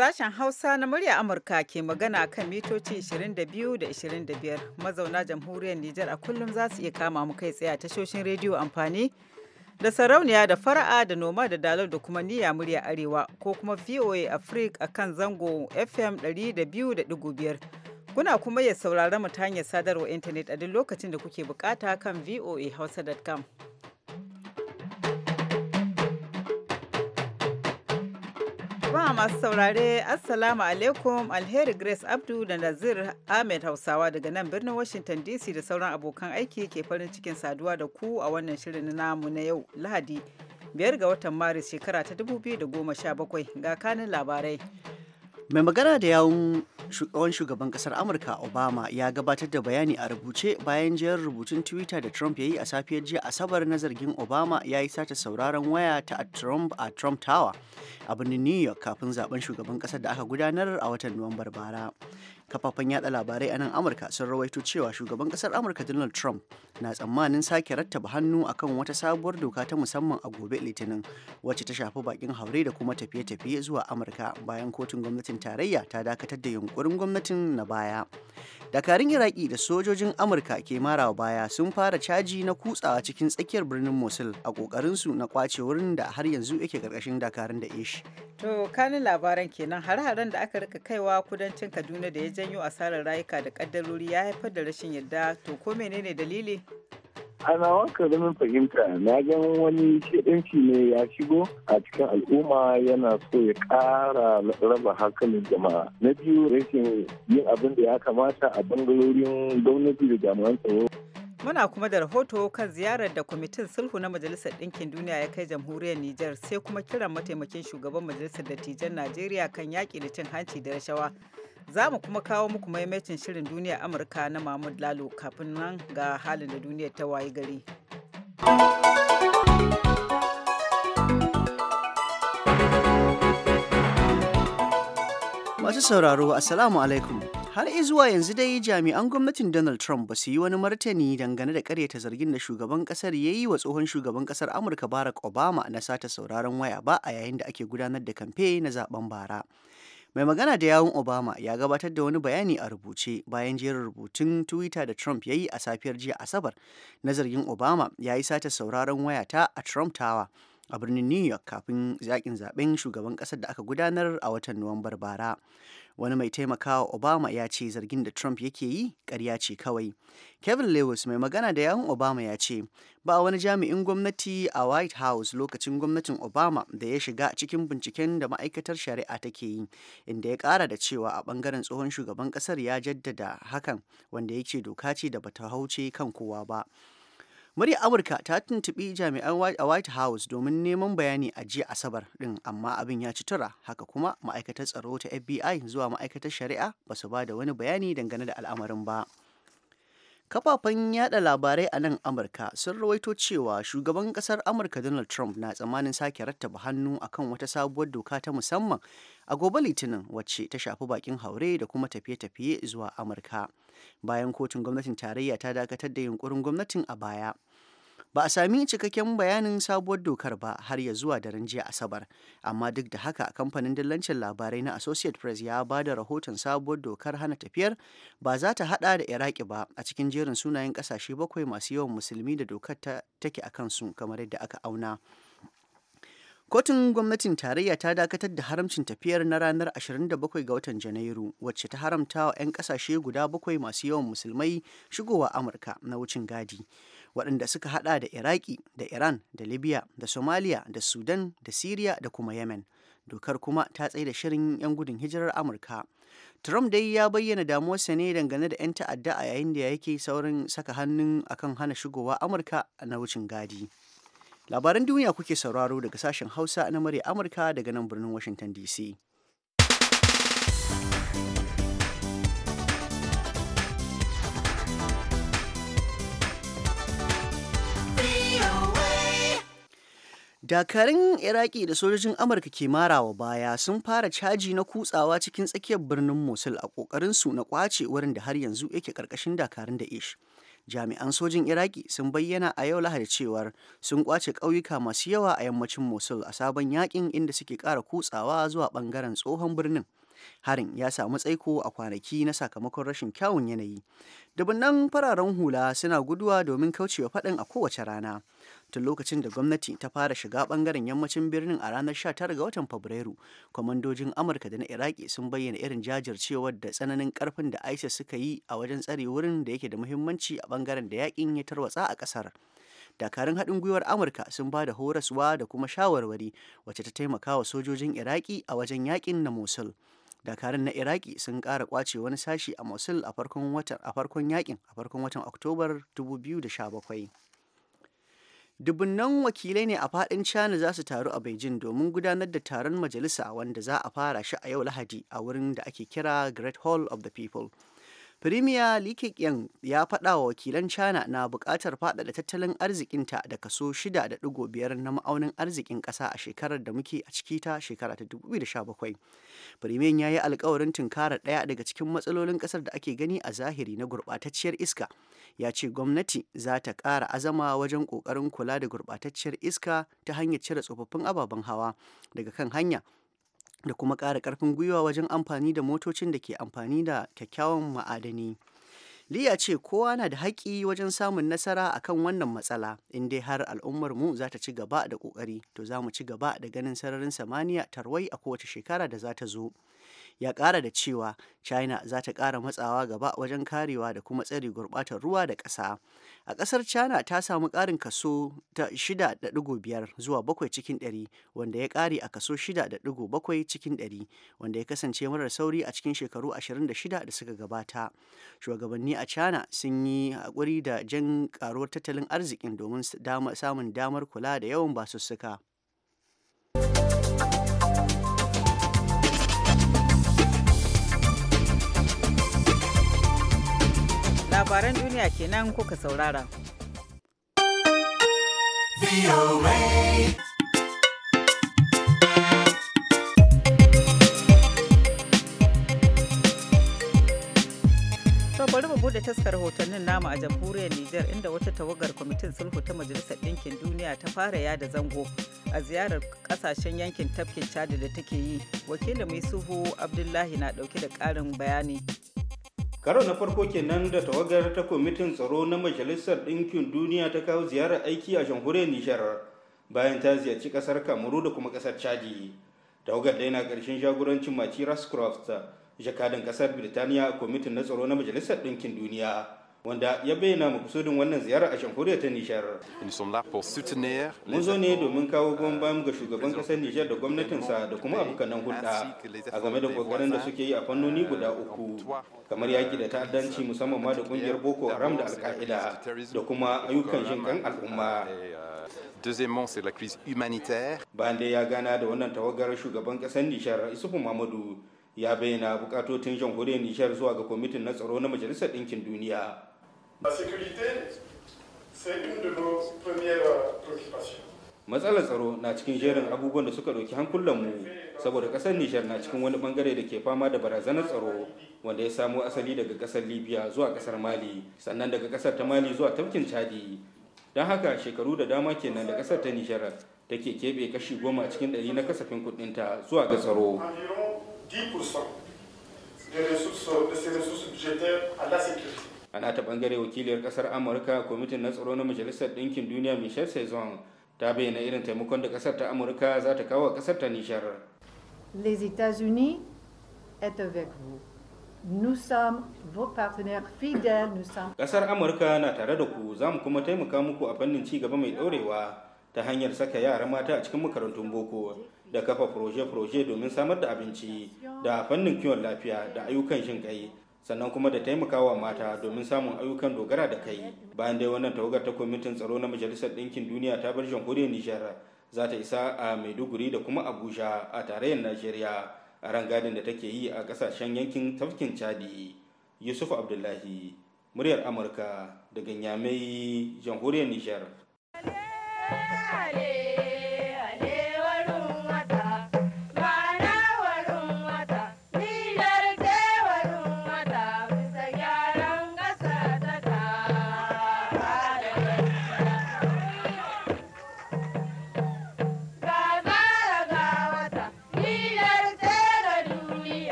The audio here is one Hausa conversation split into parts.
Sashen Hausa na murya Amurka ke magana kan mitoci 22 da 25 mazauna jamhuriyar Nijar a kullum za su iya kama mu kai tsaye a tashoshin rediyo amfani da sarauniya da fara'a da noma da dalar da kuma niya murya arewa ko kuma VOA Africa a kan zango FM 200.5 kuna kuma ya saurara mu ta hanyar sadarwa intanet a duk lokacin da kuke bukata kan voahausa.com. jama'a masu saurare assalamu alaikum alheri grace abdu da nazir ahmed hausawa daga nan birnin washington dc da sauran abokan aiki ke farin cikin saduwa da ku a wannan shirin namu na yau lahadi biyar ga watan maris shekara ta 2017 ga kanin labarai mai magana da yawun shugaban shugaban kasar amurka obama ya gabatar da bayani a rubuce bayan jiyar rubutun twitter da trump ya yi a safiyar jiya asabar na zargin obama ya yi sata sauraron waya ta a trump a trump tower a birnin new york kafin zaben shugaban kasar da aka gudanar a watan nuwambar bara kafafen yada labarai a nan amurka sun rawaito cewa shugaban kasar amurka donald trump na tsammanin sake rattaba hannu akan wata sabuwar doka ta musamman a gobe litinin wacce ta shafi bakin haure da kuma tafiye-tafiye zuwa amurka bayan kotun gwamnatin tarayya ta dakatar da yunkurin gwamnatin na baya dakarun iraki da sojojin amurka ke marawa baya sun fara caji na kutsawa cikin tsakiyar birnin mosul a kokarinsu na kwace wurin da har yanzu yake karkashin dakarun da ish to kanin labaran kenan har-haren da aka rika kaiwa kudancin kaduna da ya janyo asarar rayuka da kaddarori ya haifar da rashin yarda to ko menene dalili ana wanka min fahimta na ga wani shiɗanci ne ya shigo a cikin al'umma yana so ya ƙara raba hankalin jama'a na biyu rashin yin abin da ya kamata a bangarorin gwamnati da jami'an tsaro Muna kuma da rahoto kan ziyarar da kwamitin sulhu na Majalisar Ɗinkin Duniya ya kai jamhuriyar Nijar sai kuma kiran mataimakin shugaban Majalisar Dattijan Najeriya kan yaƙi da cin hanci da rashawa. za mu kuma kawo muku maimacin shirin duniya amurka na mahmud lalo kafin nan ga halin da duniyar ta wayi gari masu sauraro assalamu alaikum har zuwa yanzu dai jami'an gwamnatin donald trump ba su yi wani martani dangane da karyata zargin da shugaban kasar ya yi wa tsohon shugaban kasar amurka barack obama na sata sauraron waya ba a yayin da ake gudanar da kamfe na zaben bara mai magana da yawun obama ya gabatar da wani bayani a rubuce bayan jerin rubutun twitter da trump ya yi a safiyar jiya asabar na zargin obama ya yi sata sauraron wayata a trump tower a birnin New York kafin yakin zaben shugaban kasar da aka gudanar a watan Nuwambar bara. Wani mai taimakawa Obama ya ce zargin da Trump yake yi karya ce kawai. Kevin Lewis mai magana da yawun Obama ya ce ba wani jami'in gwamnati a White House lokacin gwamnatin Obama da ya shiga cikin binciken da ma'aikatar shari'a take yi inda ya kara da cewa a bangaren tsohon shugaban kasar ya jaddada hakan wanda yake doka ce da bata hauce kan kowa ba. murya amurka ta tuntubi jami'an a white house domin neman bayani a jiya asabar ɗin amma abin ya ci tura haka kuma ma'aikatar tsaro ta fbi zuwa ma'aikatar shari'a ba su ba da wani bayani dangane da al'amarin ba kafafen yada labarai a nan amurka sun rawaito cewa shugaban kasar amurka donald trump na tsammanin sake rattaba hannu akan wata sabuwar doka ta musamman a gobe litinin wacce ta shafi bakin haure da kuma tafiye-tafiye zuwa amurka bayan kotun gwamnatin tarayya ta dakatar da yunkurin gwamnatin a baya ba a sami cikakken bayanin sabuwar dokar ba har ya zuwa daren jiya asabar amma duk da haka kamfanin dillancin labarai na associate press ya ba da rahoton sabuwar dokar hana tafiyar ba za ta hada da iraki ba a cikin jerin sunayen kasashe bakwai masu yawan musulmi da dokar take a kansu kamar yadda aka auna Kotun gwamnatin tarayya ta dakatar da haramcin tafiyar na ranar 27 ga watan Janairu wacce ta haramta wa 'yan kasashe guda bakwai masu yawan musulmai shigowa Amurka na wucin gadi. waɗanda suka hada da Iraki da Iran da Libya da Somalia da Sudan da Siriya da kuma Yemen. Dokar kuma ta da shirin 'yan gudun hijirar Amurka. Trump dai ya bayyana damuwarsa ne dangane da 'yan ta'adda a yayin da yake saurin saka hannun akan hana shigowa Amurka na wucin gadi. labaran duniya kuke sauraro daga sashen hausa na murya amurka daga nan birnin washington dc dakarun iraki da sojojin amurka ke marawa baya sun fara caji na kutsawa cikin tsakiyar birnin mosul a kokarin su na kwace wurin da har yanzu yake karkashin dakarun da ish jami'an sojin iraki sun bayyana a yau lahadi cewar sun kwace ƙauyuka masu yawa a yammacin mosul a sabon yakin inda suke ƙara kutsawa zuwa ɓangaren tsohon birnin harin ya samu tsaiko a kwanaki na sakamakon rashin kyawun yanayi dubunnan fararen hula suna guduwa domin kaucewa faɗin a kowace rana tun lokacin da gwamnati ta fara shiga bangaren yammacin birnin a ranar 19 ga watan fabrairu kwamandojin amurka da na iraki sun bayyana irin jajircewar da tsananin karfin da isis suka yi a wajen tsare wurin da yake da muhimmanci a bangaren da yakin ya tarwatsa a kasar dakarun haɗin gwiwar amurka sun ba da horaswa da kuma shawarwari wacce ta taimaka wa sojojin iraki a wajen yakin na mosul dakarun na iraki sun ƙara kwace wani sashi a mosul a farkon yakin a farkon watan oktobar 2017 dubunnan wakilai ne a faɗin china za su taru a beijing domin gudanar da taron majalisa wanda za a fara shi a yau lahadi a wurin da ake kira great hall of the people Firimiya Li Keqiang ya faɗa wa wakilan China na buƙatar faɗaɗa tattalin arzikinta da kaso 6.5 na ma'aunin arzikin ƙasa a shekarar da muke a ciki ta shekara ta 2017. Premier ya yi alkawarin tunkarar ɗaya daga cikin matsalolin ƙasar da ake gani a zahiri na gurɓatacciyar iska. ya ce gwamnati za ta ƙara azama wajen ƙoƙarin kula da gurɓatacciyar iska ta hanyar cire tsofaffin ababen hawa daga kan hanya da kuma ƙara ƙarfin gwiwa wajen amfani da motocin da ke amfani da kyakkyawan ma'adani. Liya ce kowa na da haƙƙi wajen samun nasara akan wannan matsala in dai har al'ummar mu za ta ci gaba da ƙoƙari to za mu ci gaba da ganin sararin samaniya tarwai a kowace shekara da za ta zo. ya ƙara da cewa china za ta ƙara matsawa gaba wajen karewa da kuma tsari gurbatar ruwa da ƙasa a ƙasar china ta samu ƙarin kaso ta 6.5 zuwa 7 cikin 100 wanda ya ƙare a kaso 6.7 cikin 100 wanda ya kasance marar sauri a cikin shekaru 26 da suka gabata shugabanni a china sun yi haƙuri da jan ƙaruwar tattalin arzikin domin samun damar kula da yawan basussuka. labaran duniya kenan kuka saurara. To bari mu bude taskar hotonnin namu a jamhuriyar Nijar inda wata tawagar kwamitin sulhu ta Majalisar Ɗinkin Duniya ta fara yada zango a ziyarar kasashen yankin tafkin Chad da take yi. Wakilin Misuhu Abdullahi na ɗauke da ƙarin bayani karo na farko kenan da tawagar ta kwamitin tsaro na majalisar ɗinkin duniya ta kawo ziyarar aiki a jamhuriyar nijar bayan ta ziyarci ƙasar kamaru da kuma ƙasar chadi tawagar da yana ƙarshen jagorancin maci rascroft jakadan ƙasar birtaniya a kwamitin na tsaro na majalisar ɗinkin duniya wanda ya bayyana makusudin wannan ziyara a shankuriya ta nishar. Mun zo ne domin kawo goyon euh, bayan ga shugaban kasar Nijar da gwamnatinsa da kuma abokanan hulɗa a game da kokarin da suke yi a fannoni guda euh, uku kamar yaki da ta'addanci musamman ma da kungiyar Boko Haram da alka'ida da kuma ayyukan jin kan al'umma. Euh, deuxièmement, c'est la crise humanitaire. Bande ya gana da wannan tawagar shugaban kasar nishar Isufu Mamadu ya bayyana bukatotin jamhuriyar nishar zuwa ga kwamitin na tsaro na Majalisar Ɗinkin Duniya. matsalar tsaro na cikin jerin abubuwan da suka ɗauki hankulanmu saboda ƙasar nijar na cikin wani bangare da ke fama da barazanar tsaro wanda ya samo asali daga ƙasar libya zuwa ƙasar mali sannan daga ƙasar ta mali zuwa tafkin chadi don haka shekaru da dama kenan da ƙasar ta nijar take keɓe kashi goma cikin ɗari na kasafin kuɗinta zuwa ga tsaro a nata bangare wakiliyar kasar amurka kwamitin na tsaro na majalisar ɗinkin duniya michelle saison ta bayyana irin taimakon da kasar ta amurka za ta kawo kasar ta nishar les états-unis est avec vous nous sommes vos partenaires fidèles nous sommes kasar amurka na tare da ku za mu kuma taimaka muku a fannin ci gaba mai ɗorewa ta hanyar saka yara mata a cikin makarantun boko da kafa proje-proje domin samar da abinci da fannin kiwon lafiya da ayyukan shinkai sannan kuma da taimakawa mata domin samun ayyukan dogara da kai bayan dai wannan tawagar ta kwamitin tsaro na majalisar ɗinkin duniya ta bar jamhuriyar nijar za ta isa a maiduguri da kuma abuja a tarayyar najeriya a rangadin da take yi a ƙasashen yankin tafkin chadi yusuf abdullahi muryar amurka daga nyamai jamhuriyar nijar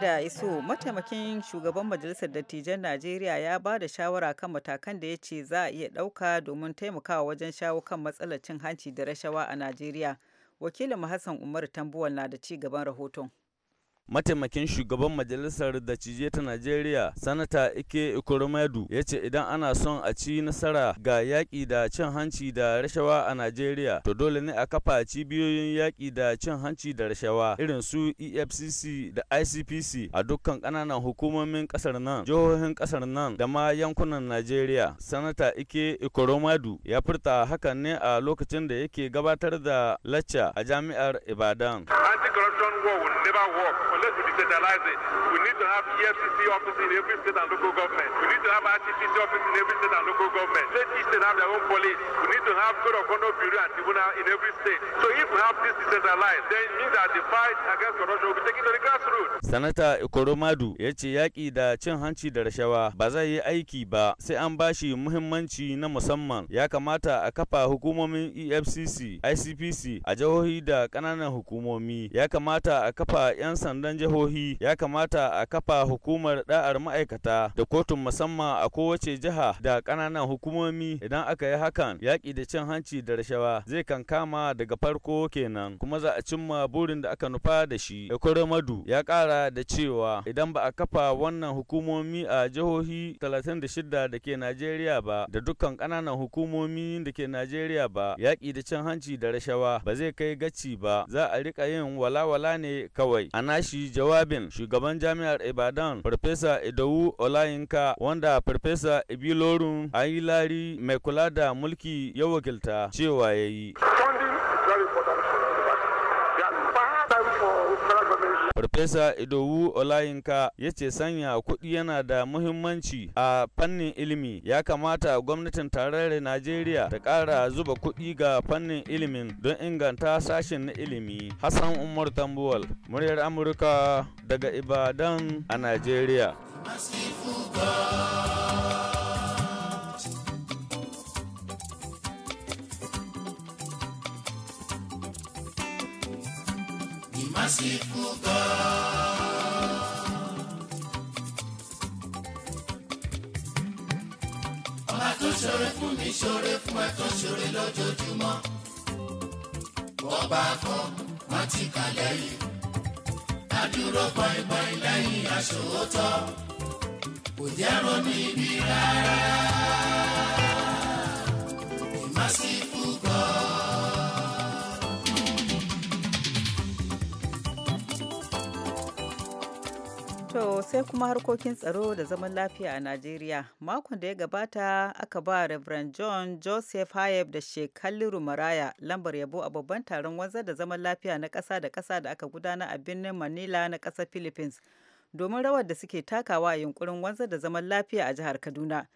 da iso mataimakin shugaban majalisar dattijan najeriya ya ba da shawara kan matakan da ya ce za a iya ɗauka domin taimakawa wajen shawo kan matsalar cin hanci da rashawa a najeriya wakilin hassan umar tambuwal na da ci gaban rahoton mataimakin shugaban majalisar cije ta najeriya sanata ike ikurumadu ya ce idan ana son a ci nasara ga yaƙi da cin hanci da rashawa a najeriya to dole ne a kafa cibiyoyin yaƙi da cin hanci da rashawa irin su efcc da icpc a dukkan ƙananan hukumomin ƙasar nan jihohin ƙasar nan da ma yankunan najeriya sanata ike ikurumadu ya furta hakan ne a lokacin da yake gabatar da lacca a jami'ar ibadan anti-corruption war will never work unless we decentralize it, we need to have EFCC office in every state and local government. We need to have RTCC office in every state and local government. Let each state have their own police. We need to have code of conduct bureau and tribunal in every state. So if we have this decentralized, then it means that the fight against corruption will be taken to the grassroots. Sanata Ikoromadu ya ce yaƙi da cin hanci da rashawa ba zai yi aiki ba sai an bashi muhimmanci na musamman. Ya kamata a kafa hukumomin EFCC, ICPC a jihohi da ƙananan hukumomi. Ya kamata a kafa 'yan sandan sauran jihohi ya kamata a kafa hukumar da'ar ma'aikata da kotun musamman a kowace jiha da kananan hukumomi idan aka yi hakan yaƙi da cin hanci da rashawa zai kan kama daga farko kenan kuma za a cimma burin da aka nufa da shi ikoro madu ya kara da cewa idan ba a kafa wannan hukumomi a jihohi 36 da ke najeriya ba da dukkan ƙananan hukumomi da ke najeriya ba yaƙi da cin hanci da rashawa ba zai kai gaci ba za a riƙa yin walawala ne kawai a nashi jawabin shugaban jami'ar Ibadan Farfesa Idowu Olayinka wanda Farfesa Ibilorun Ayilari mai kula da mulki ya wakilta cewa ya yi. Farfesa Idowu Olayinka ya ce sanya kuɗi yana da muhimmanci a fannin ilimi ya kamata gwamnatin tarayyar Najeriya ta ƙara zuba kuɗi ga fannin ilimin don inganta sashen na ilimi. Hassan Umar Tambuwal, muryar Amurka daga Ibadan a Najeriya. merciful God. Ọba tó ṣoore fún mi ṣoore fún ẹ tó ṣoore lójoojúmọ́. Bọ́ba kan wọ́n ti kà lẹ́yìn. Adúró pọ́ìpọ́ì lẹ́yìn aṣòótọ́. Kò jẹ́ ronú ibi rárá. Merciful. To sai kuma harkokin tsaro da zaman lafiya a Najeriya. Makon da ya gabata aka ba Reverend John Joseph Hayab da Shekalliru Maraya lambar yabo a babban taron wanzar da zaman lafiya na ƙasa da kasa da aka gudana a birnin Manila na ƙasar Philippines domin rawar da suke takawa a yunkurin wanzar da zaman lafiya a jihar Kaduna.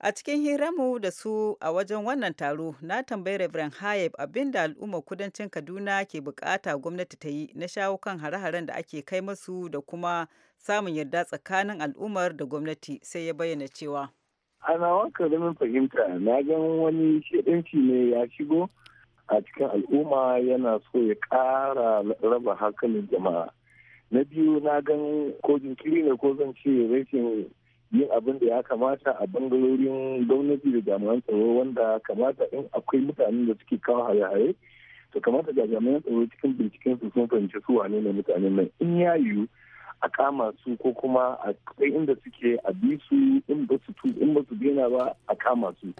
A cikin hiramu da su a wajen wannan taro, na tambayi Reverend Hayab abin da al'ummar kudancin Kaduna ke bukata gwamnati ta yi na shawo kan hare-haren da ake kai masu da kuma samun yarda tsakanin al'ummar da gwamnati sai ya bayyana cewa ana wanka da fahimta na gan wani shirinci ne ya shigo a cikin al'umma yana so ya ƙara raba hankalin jama'a na biyu na gan ko jinkiri ne ko zan ce rashin yin abin da ya kamata a bangarorin gwamnati da jami'an tsaro wanda kamata in akwai mutanen da suke kawo haye-haye to kamata ga jami'an tsaro cikin binciken su sun fahimci su wane ne mutanen nan in ya yiwu a kama su ko kuma a kai inda suke a bi su in ba su in ba su daina ba a kama su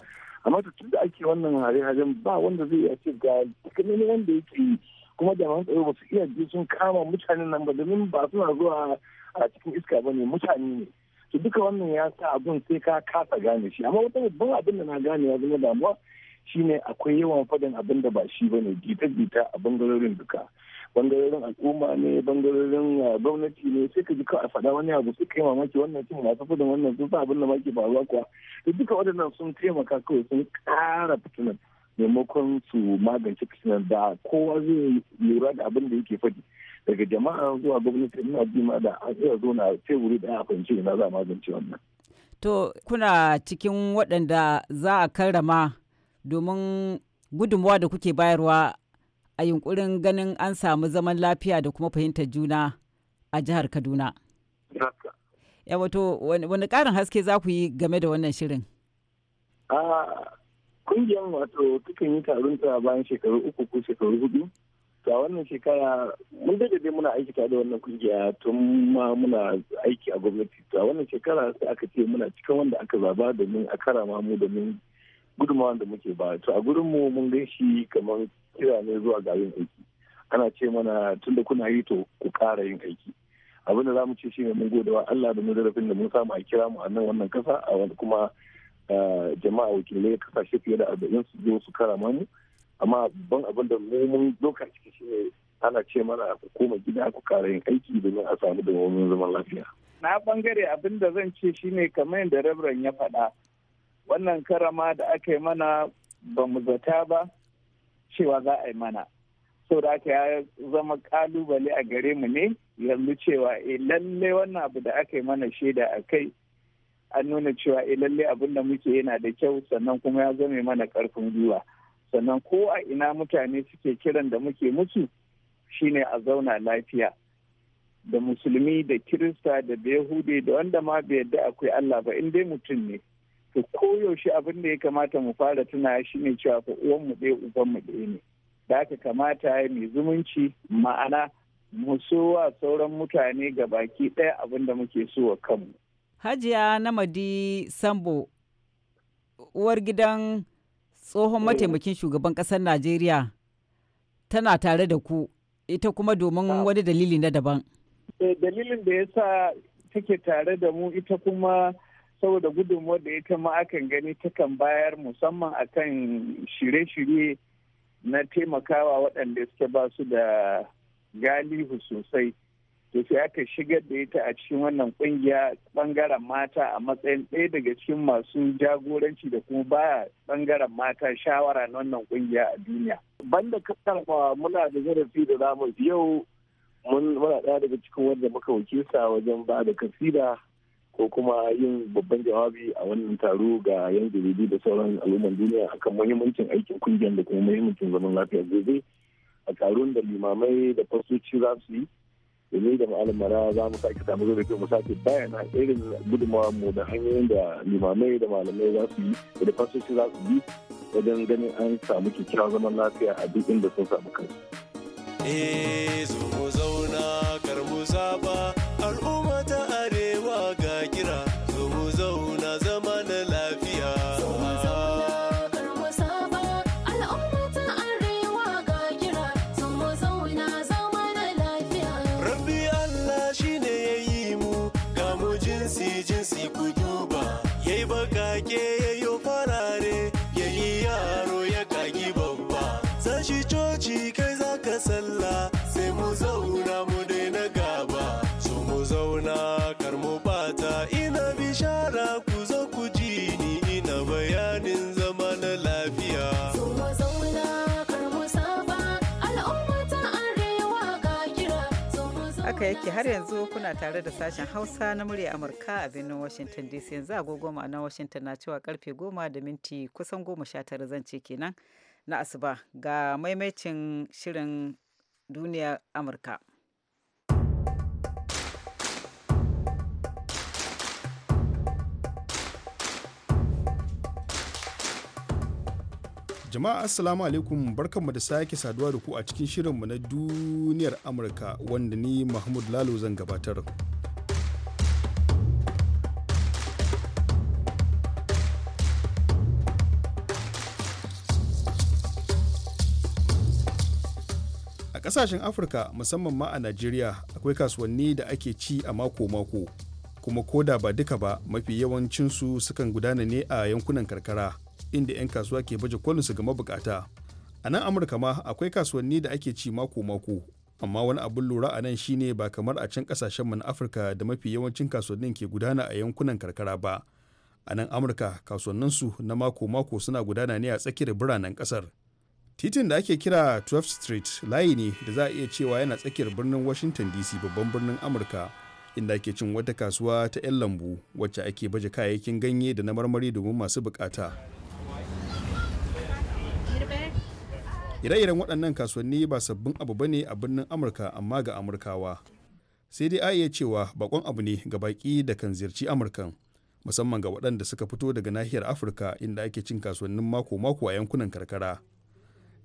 amma tun da ake wannan hare-haren ba wanda zai iya ce ga kamar wanda yake yi kuma jami'an tsaro ba su iya je sun kama mutanen nan ba domin ba suna zuwa a cikin iska ba ne mutane ne to duka wannan ya sa abun sai ka kasa gane shi amma wata babban abin da na gane ya zama damuwa shine akwai yawan fadin abin da ba shi ba ne jita-jita a bangarorin duka bangarorin al'umma ne bangarorin ah, gwamnati ne sai ka ji a faɗa wani abu su kai mamaki wannan cin masu fudin wannan sun sa abin da maki faruwa kuwa to duka waɗannan sun taimaka kawai sun ƙara fitinan maimakon su magance fitinan da kowa zai lura da abin da yake faɗi daga jama'a zuwa gwamnati ina bi ma da a zuwa zo na teburi da a fahimci ina za magance wannan. To kuna cikin waɗanda za a karrama domin gudunmawa da kuke bayarwa a yunkurin ganin an samu zaman lafiya da kuma fahimtar juna a jihar Kaduna. Ya wato wani ƙarin haske za ku yi game da wannan shirin? Kungiyar wato tukan yi taron ta bayan shekaru uku ko shekaru hudu. ga wannan shekara mun dai muna aiki tare da wannan kungiya tun ma muna aiki a gwamnati to wannan shekara sai aka ce muna cikin wanda aka zaba domin a kara mu domin gudunmawar da muke ba to a mu mun gan shi kamar kira ne zuwa ga yin aiki ana ce mana tun da kuna yi to ku ƙara yin aiki abin da za mu ce shi ne mun gode wa Allah da mun da mun samu a kira mu a nan wannan kasa a wani kuma jama'a wakilai kasashe fiye da arba'in su zo su karama mu amma ban abin da mu mun doka ciki shi ne ana ce mana ku koma gida ku ƙara yin aiki domin a samu da zaman lafiya. na bangare abin da zan ce shi ne kamar yadda rabran ya faɗa wannan karama da aka yi mana ba mu zata ba cewa za a yi mana da aka ya zama kalubale a gare mu ne yanzu cewa e lalle wannan abu da aka yi mana shaida a kai an nuna cewa e lalle abin da muke yana da kyau sannan kuma ya zame mana karfin gwiwa sannan ko a ina mutane suke kiran da muke musu shine a zauna lafiya da musulmi da kirista da yahude da wanda ma bai yadda akwai allah ba in dai mutum ne to koyaushe abin da ya kamata mu fara tuna shi ne cewa fa uwan mu ɗaya uban mu ɗaya ne da aka kamata ya mai zumunci ma'ana mu so wa sauran mutane ga baki ɗaya abin da muke so wa kanmu. Hajiya Namadi Sambo uwar gidan tsohon mataimakin shugaban ƙasar Najeriya tana tare da ku ita kuma domin wani dalili na daban. Eh, dalilin da ya sa take tare da mu ita kuma saboda gudunmuwar da ita ma akan gani takan bayar musamman akan shirye-shirye na taimakawa waɗanda suke ba su da galihu sosai to sai aka shigar da ita a cikin wannan kungiya bangaren mata a matsayin ɗaya daga cikin masu jagoranci da kuma baya bangaren mata shawara na wannan kungiya a duniya. Banda karfa muna da zarafi da zamu yau muna ɗaya daga cikin wanda muka wakilta wajen ba da kasida ko kuma yin babban jawabi a wannan taro ga yan jaridu da sauran al'umman duniya akan muhimmancin aikin kungiyar da kuma muhimmancin zaman lafiya gobe a taron da limamai da fasoci za su yi domin da mara za mu sake samu da mu sake bayana irin gudunmawar mu da hanyoyin da limamai da malamai za su yi da fasoci za su yi wajen ganin an samu kyakkyawan zaman lafiya a duk inda sun samu kansu. Eh, zo zauna. yake har yanzu kuna tare da sashen Hausa na murya Amurka a birnin Washington DC yanzu agogo ma'ana Washington na cewa karfe goma da minti kusan goma sha tara zance kenan na asuba ga maimacin shirin duniyar Amurka. Jama'a Assalamu alaikum barkanmu da sake saduwa da ku a cikin shirinmu na duniyar Amurka wanda ni Mahmud Lalo zan gabatar. A ƙasashen Afirka musamman ma a Najeriya akwai kasuwanni da ake ci a mako-mako kuma koda ba duka ba mafi yawancinsu sukan gudana ne a yankunan karkara. inda 'yan kasuwa ke baje su ga mabukata a nan amurka ma akwai kasuwanni da ake ci mako-mako amma wani abin lura a nan shine ba kamar a can kasashen mu na afirka da mafi yawancin kasuwannin ke gudana a yankunan karkara ba a nan amurka su na mako-mako suna gudana ne a tsakiyar biranen kasar titin da ake kira 12th street layi ne da za a iya cewa yana tsakiyar birnin washington dc babban birnin amurka inda ake cin wata kasuwa ta 'yan lambu wacce ake baje kayayyakin ganye da na marmari domin masu bukata ire-iren waɗannan kasuwanni ba sabbin abu ba ne a birnin amurka amma ga amurkawa sai dai a iya cewa bakon abu ne ga baki da kan ziyarci amurkan musamman ga waɗanda suka fito daga nahiyar afirka inda ake cin kasuwannin mako-mako a yankunan karkara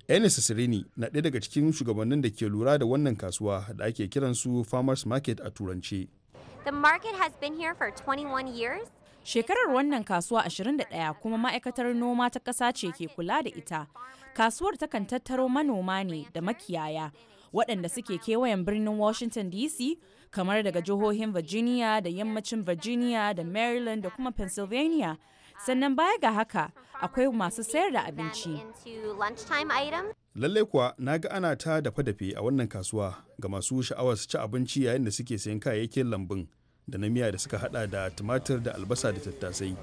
enes sirini na ɗaya daga cikin shugabannin da ke lura da wannan kasuwa da ake kiransu farmers market a turance the market has been here for 21 years Shekarar wannan kasuwa 21 kuma ma'aikatar noma ta ƙasa ce ke kula da ita. kasuwar takan tattaro manoma ne da makiyaya waɗanda suke kewayen birnin washington dc kamar daga jihohin virginia da yammacin virginia da maryland da kuma pennsylvania sannan baya ga haka akwai masu sayar da abinci lallai kuwa na ga ana ta dafe-dafe a wannan kasuwa ga masu sha'awar su ci abinci yayin da suke sayan kayayyakin lambun da na miya da suka hada da tumatir da albasa da tattasai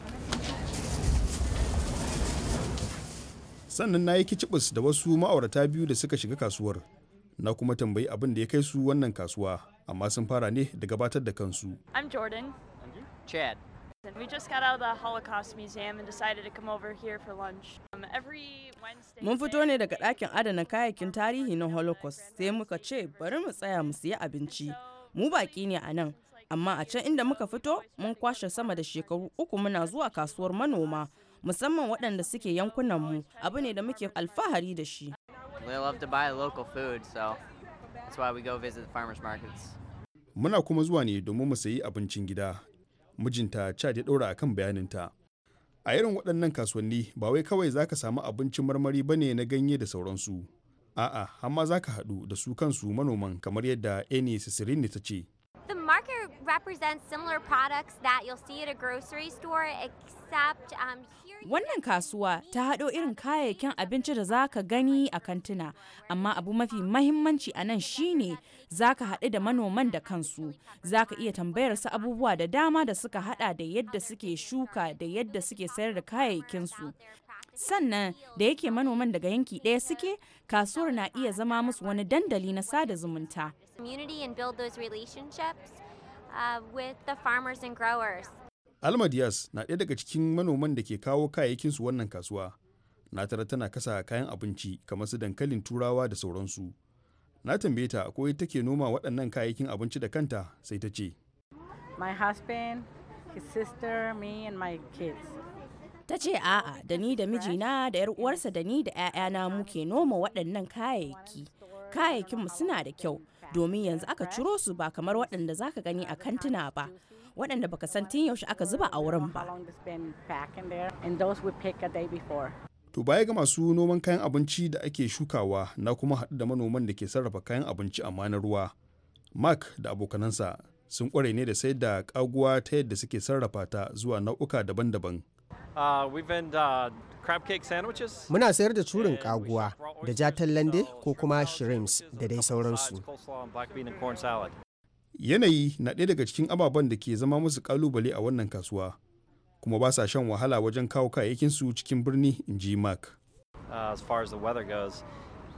sannan na yi kicibis da wasu ma'aurata biyu da suka shiga kasuwar na kuma tambayi abin da ya kai su wannan kasuwa amma sun fara ne da gabatar da kansu I'm Jordan Chad Museum and decided over here for lunch. Um, mun fito ne daga ɗakin adana kayayyakin tarihi na Holocaust sai muka ce bari mu tsaya mu siya abinci. Mu baƙi ne a nan, amma a can inda muka fito mun kwashe sama da shekaru uku muna zuwa kasuwar manoma musamman waɗanda suke yankunan mu abu ne da muke alfahari da shi. We love to Muna kuma zuwa ne domin mu sayi abincin gida. Mijinta Chad ya ɗora akan bayaninta. A irin waɗannan kasuwanni ba wai kawai za ka samu abincin marmari ba ne na ganye da sauransu. A'a, amma za ka haɗu da su kansu manoman kamar yadda Eni Sisirini ta ce. The market represents similar products that you'll see at a grocery store except um, here Wannan kasuwa ta haɗo irin kayayyakin abinci da zaka gani a kantuna, amma abu mafi mahimmanci a nan shine zaka haɗu da manoman da kansu, zaka iya tambayar su abubuwa da dama da suka haɗa da yadda suke shuka da yadda suke sayar da kayayyakinsu. sannan da yake manoman daga yanki ɗaya suke kasuwar na iya zama musu wani dandali na sada zumunta uh, Alma Diaz na ɗaya daga cikin manoman da ke kawo kayayyakinsu wannan kasuwa. Na tara tana kasa kayan abinci kamar su dankalin turawa da sauransu. Na tambaye ta ko ita take noma waɗannan kayayyakin abinci da kanta sai ta ce. My husband, his sister, me and my kids. ta ce a'a da ni da mijina da 'yar uwarsa da ni da 'ya'yana muke noma waɗannan kayayyaki kayayyakinmu suna da kyau domin yanzu aka ciro su ba kamar waɗanda za ka gani a kantuna ba waɗanda baka san tun yaushe aka zuba a wurin ba to baya ga masu noman kayan abinci da ake shukawa na kuma haɗu da manoman da ke sarrafa kayan abinci amma na ruwa mark da abokanansa sun kware ne da sayar da ƙaguwa ta yadda suke sarrafa ta zuwa nau'uka daban-daban Uh, uh, Muna sayar da curin kaguwa da jatan lande uh, ko kuma shrimps da dai sauransu. Yanayi na ɗaya daga cikin ababen da ke zama musu kalubale a wannan kasuwa, kuma ba sa shan wahala wajen kawo kayayyakinsu cikin birni, in ji Mark.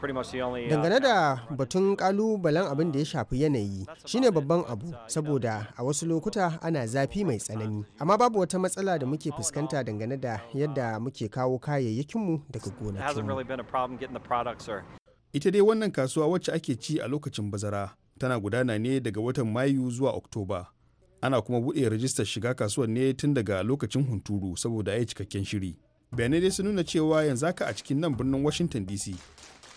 Uh, dangane da batun kalubalen abin da ya shafi yanayi shine babban abu saboda a wasu lokuta ana zafi mai tsanani. Amma babu wata matsala da muke fuskanta dangane da yadda muke kawo kayayyakinmu daga gonakinmu. Ita dai wannan kasuwa wacce ake ci a lokacin bazara tana gudana ne daga watan Mayu zuwa Oktoba. Ana kuma buɗe rajistar shiga kasuwar ne tun daga lokacin hunturu saboda ya cikakken shiri. Bayanai dai sun nuna cewa yanzu haka a cikin nan birnin Washington DC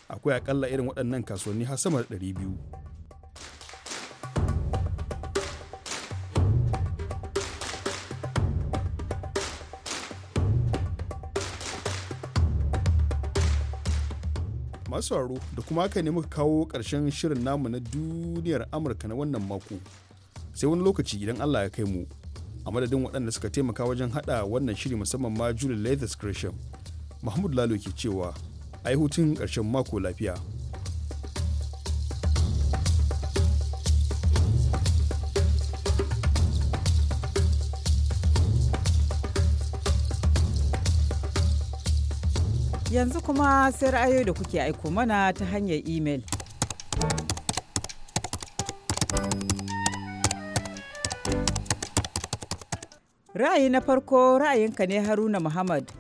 akwai akalla irin waɗannan kasuwanni har sama da 200 masu sauraro da kuma haka ne muka kawo ƙarshen shirin namu na duniyar amurka na wannan mako sai wani lokaci idan allah ya kai mu a madadin waɗanda suka taimaka wajen haɗa wannan shiri musamman ma julie leathers gresham mahmud lalo ke cewa a yi hutun ƙarshen mako lafiya. Yanzu kuma sai ra'ayoyi da kuke aiko mana ta hanyar imel. Ra'ayi na farko ra'ayinka ne Haruna Muhammad.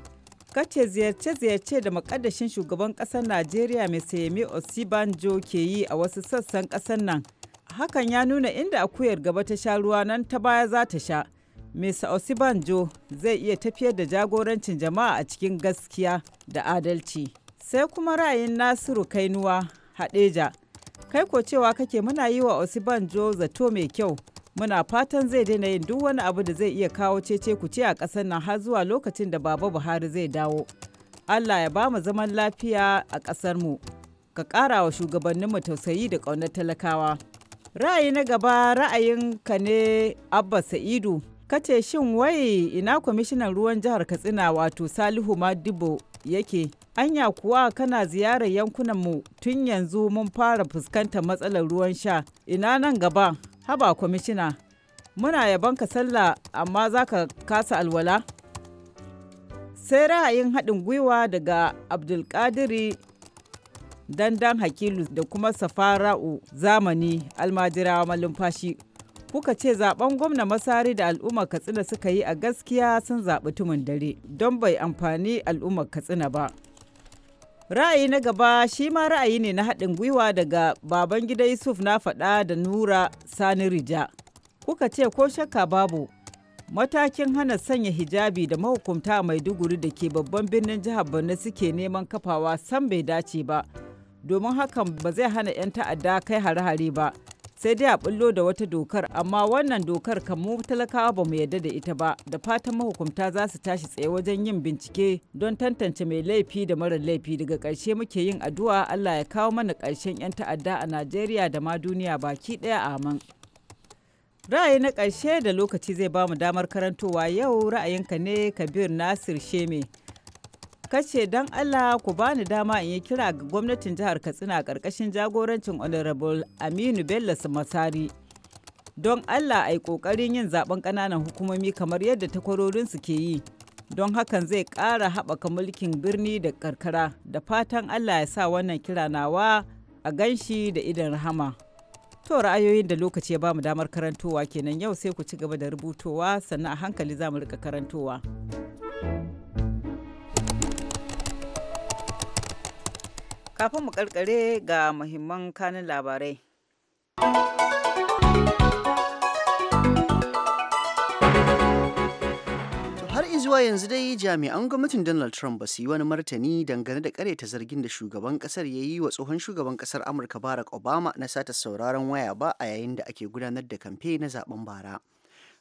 kace ziyarce-ziyarce da makaddashin shugaban kasar najeriya mai sayame osibanjo ke yi a wasu sassan kasar nan hakan ya nuna inda akuyar gaba ta sha ruwa nan ta baya za ta sha mr osibanjo zai iya tafiyar da jagorancin jama'a a cikin gaskiya da adalci sai kuma ra'ayin nasiru kainuwa hadeja kai ko cewa kake muna yi wa osibanjo zato mai kyau muna fatan zai daina yin duk wani abu da zai iya kawo cece ku ce a ƙasar nan har zuwa lokacin da baba buhari zai dawo allah ya ba mu zaman lafiya a ƙasar mu ka ƙara wa shugabannin mu tausayi da ƙaunar talakawa ra'ayi na gaba ra'ayin ka ne abba sa'idu kace shin wai ina kwamishinan ruwan jihar katsina wato salihu madibo yake anya kuwa kana ziyarar yankunan mu tun yanzu mun fara fuskantar matsalar ruwan sha ina nan gaba haba kwamishina muna yabon ka sallah amma za ka kasa alwala sai ra'ayin haɗin gwiwa daga abdulkadiri dandan hakilu da kuma safara'u zamani almajirawa malumfashi kuka ce zaben gwamna masari da al'ummar katsina suka yi a gaskiya sun zaɓi tumin dare don bai amfani al'ummar katsina ba ra'ayi na gaba shi ma ra'ayi ne na haɗin gwiwa daga baban gida yusuf na faɗa da nura sani rija kuka ce ko shakka babu matakin hana sanya hijabi da mahukunta a maiduguri da ke babban birnin jihar borno suke neman kafawa san bai dace ba domin hakan ba zai hana 'yan ta'adda kai hare-hare ba sai dai a bullo da wata dokar amma wannan dokar kan mu talakawa ba mu yarda da ita ba da fatan mahukunta za su tashi tsaye wajen yin bincike don tantance mai laifi da mara laifi daga ƙarshe muke yin addu'a Allah ya kawo mana ƙarshen 'yan ta'adda a Najeriya da ma duniya baki ɗaya amin. Ra'ayi na ƙarshe da lokaci zai ba mu damar karantowa yau ra'ayinka ne Kabir Nasir Sheme. kace don Allah ku bani dama in yi kira ga gwamnatin jihar Katsina ƙarƙashin jagorancin Honorable Aminu Bello Masari. Don Allah a yi ƙoƙarin yin zaben ƙananan hukumomi kamar yadda takwarorinsu ke yi. Don hakan zai ƙara haɓaka mulkin birni da karkara da fatan Allah ya sa wannan kira nawa a ganshi da idan rahama. To ra'ayoyin da lokaci ya bamu damar karantowa kenan yau sai ku ci gaba da rubutowa sannan a hankali za mu rika karantowa. Kafin mu karkare ga muhimman kanin labarai. har zuwa yanzu dai jami'an gwamnatin donald trump ba su yi wani martani dangane da ta zargin da shugaban kasar ya yi wa tsohon shugaban kasar amurka barack obama na sata sauraron waya ba a yayin da ake gudanar da kamfe na zaben bara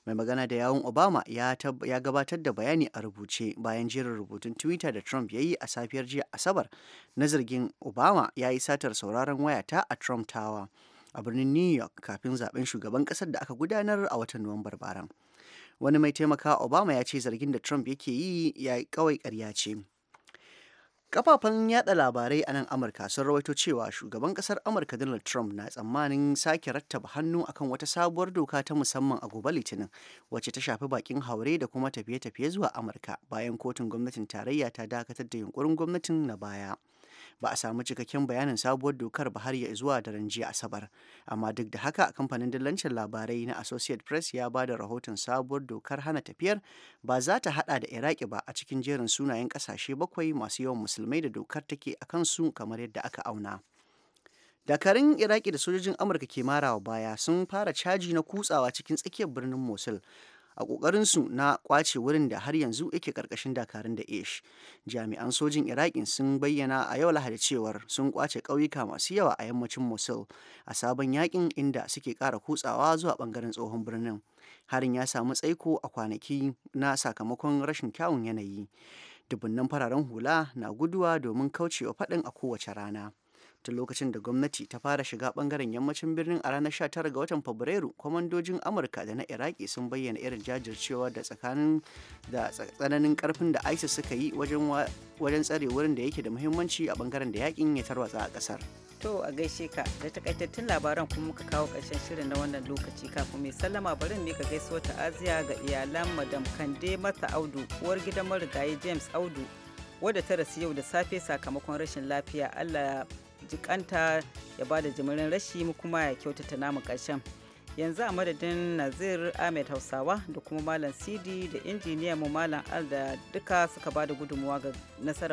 mai magana da yawun obama ya, gabatar da bayani a rubuce bayan jerin rubutun twitter da trump ya yi a safiyar jiya asabar na zargin obama ya yi satar sauraron wayata a trump tower a birnin new york kafin zaben shugaban kasar da aka gudanar a watan nuwambar baran wani mai taimaka obama ya ce zargin da trump yake yi ya kawai karya ce Kafafen yada labarai a nan Amurka sun rawaito cewa shugaban kasar Amurka Donald Trump na tsammanin sake rattaba hannu akan wata sabuwar doka ta musamman a gobe Litinin wacce ta shafi bakin haure da kuma tafiye-tafiye zuwa Amurka bayan kotun gwamnatin tarayya ta dakatar da yunkurin gwamnatin na baya. ba a samu cikakken bayanin sabuwar dokar ba har ya zuwa daren jiya asabar amma duk da haka kamfanin dillancin labarai na associate press ya ba da rahoton sabuwar dokar hana tafiyar ba za ta hada da iraki ba a cikin jerin sunayen kasashe bakwai masu yawan musulmai da dokar take a su kamar yadda aka auna dakarun iraki da sojojin amurka ke marawa baya sun fara caji na kutsawa cikin tsakiyar birnin mosul a ƙoƙarinsu na ƙwace wurin da har yanzu yake ƙarƙashin dakarun da ish jami'an sojin Iraki sun bayyana a yau lahadi cewar sun ƙwace ƙauyuka masu yawa a yammacin mosul a sabon yakin inda suke ƙara kutsawa zuwa ɓangaren tsohon birnin harin ya samu tsaiko a kwanaki na sakamakon rashin kyawun yanayi dubunnan fararen hula na guduwa domin kaucewa faɗin a kowace rana. tun lokacin da gwamnati ta fara shiga bangaren yammacin birnin a ranar 19 ga watan fabrairu kwamandojin amurka da na iraki sun bayyana irin jajircewa da tsakanin da tsananin karfin da isis suka yi wajen tsare wurin da yake da muhimmanci a bangaren da yakin ya tarwatsa a kasar to a gaishe ka da takaitattun labaran kuma muka kawo karshen shirin na wannan lokaci kafin mai sallama bari gaisuwa ta aziya ga iyalan madam kande mata audu uwar gidan marigayi james audu wadda ta rasu yau da safe sakamakon rashin lafiya allah jikanta ya ba da jimirin rashi mu kuma ya kyautata namu ƙarshen yanzu a madadin nazir ahmed hausawa da kuma malam sidi da injiniya mu malam al da duka suka ba da gudunmuwa ga nasarar